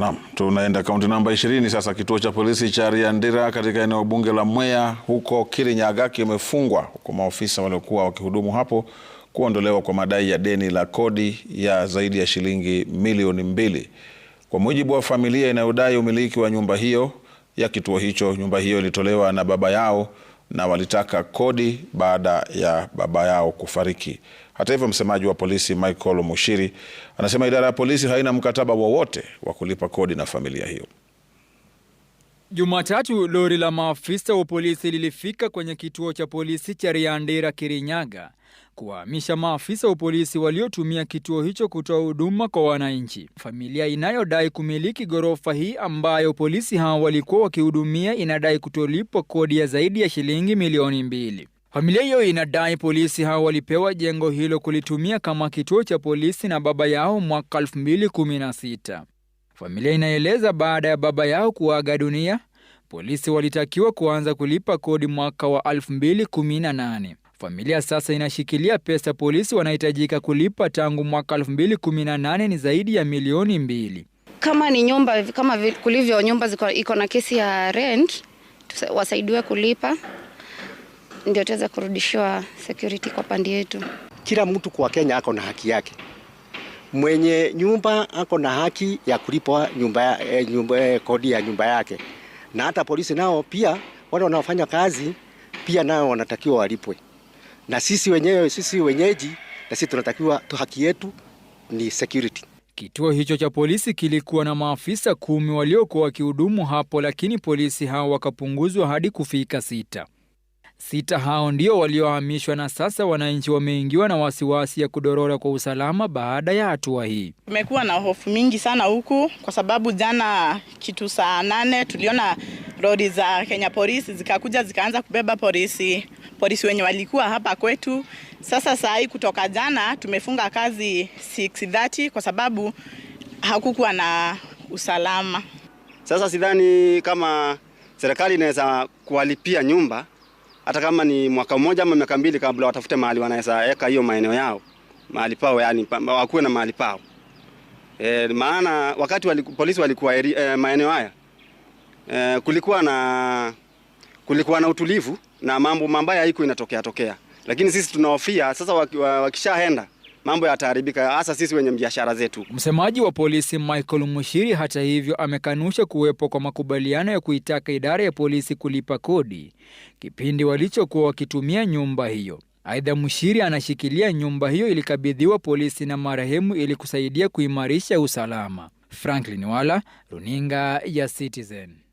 Naam, tunaenda kaunti namba 20 sasa. Kituo cha polisi cha Riandira katika eneo bunge la Mwea huko Kirinyaga kimefungwa kwa maofisa waliokuwa wakihudumu hapo kuondolewa kwa madai ya deni la kodi ya zaidi ya shilingi milioni mbili. Kwa mujibu wa familia inayodai umiliki wa nyumba hiyo ya kituo hicho, nyumba hiyo ilitolewa na baba yao na walitaka kodi baada ya baba yao kufariki. Hata hivyo, msemaji wa polisi Michael Mushiri anasema idara ya polisi haina mkataba wowote wa, wa kulipa kodi na familia hiyo. Jumatatu, lori la maafisa wa polisi lilifika kwenye kituo cha polisi cha Riandira Kirinyaga kuwahamisha maafisa wa polisi waliotumia kituo hicho kutoa huduma kwa wananchi. Familia inayodai kumiliki ghorofa hii ambayo polisi hao walikuwa wakihudumia inadai kutolipwa kodi ya zaidi ya shilingi milioni mbili. Familia hiyo inadai polisi hao walipewa jengo hilo kulitumia kama kituo cha polisi na baba yao mwaka 2016. Familia inaeleza baada ya baba yao kuaga dunia, polisi walitakiwa kuanza kulipa kodi mwaka wa 2018. Familia sasa inashikilia pesa polisi wanahitajika kulipa tangu mwaka 2018 ni zaidi ya milioni mbili. Kama ni nyumba kama kulivyo nyumba iko na kesi ya rent, wasaidiwe kulipa ndio tuweze kurudishiwa security kwa pande yetu. Kila mtu kwa Kenya ako na haki yake, mwenye nyumba ako na haki ya kulipwa nyumba, eh, nyumba, eh, kodi ya nyumba yake, na hata polisi nao pia wale wanaofanya kazi pia nao wanatakiwa walipwe na sisi wenyewe, sisi wenyeji, na sisi tunatakiwa tu, haki yetu ni security. Kituo hicho cha polisi kilikuwa na maafisa kumi waliokuwa wakihudumu hapo, lakini polisi hao wakapunguzwa hadi kufika sita. Sita hao ndio waliohamishwa na sasa wananchi wameingiwa na wasiwasi ya kudorora kwa usalama baada ya hatua hii. Tumekuwa na hofu mingi sana huku kwa sababu jana kitu saa nane tuliona lori za Kenya polisi zikakuja zikaanza kubeba polisi polisi wenye walikuwa hapa kwetu. Sasa saa hii kutoka jana tumefunga kazi 6:30 kwa sababu hakukuwa na usalama. Sasa sidhani kama serikali inaweza kuwalipia nyumba hata kama ni mwaka mmoja ama miaka mbili, kabla watafute mahali wanaweza weka hiyo maeneo yao mahali pao, yani wakuwe na mahali pao e, maana wakati waliku, polisi walikuwa e, maeneo haya e, kulikuwa na kulikuwa na utulivu na mambo mabaya haiko inatokea tokea, lakini sisi tunahofia sasa wakishaenda mambo yataharibika, hasa sisi wenye biashara zetu. Msemaji wa polisi Michael Mushiri, hata hivyo, amekanusha kuwepo kwa makubaliano ya kuitaka idara ya polisi kulipa kodi kipindi walichokuwa wakitumia nyumba hiyo. Aidha, Mushiri anashikilia nyumba hiyo ilikabidhiwa polisi na marehemu ili kusaidia kuimarisha usalama. Franklin Wala, runinga ya Citizen.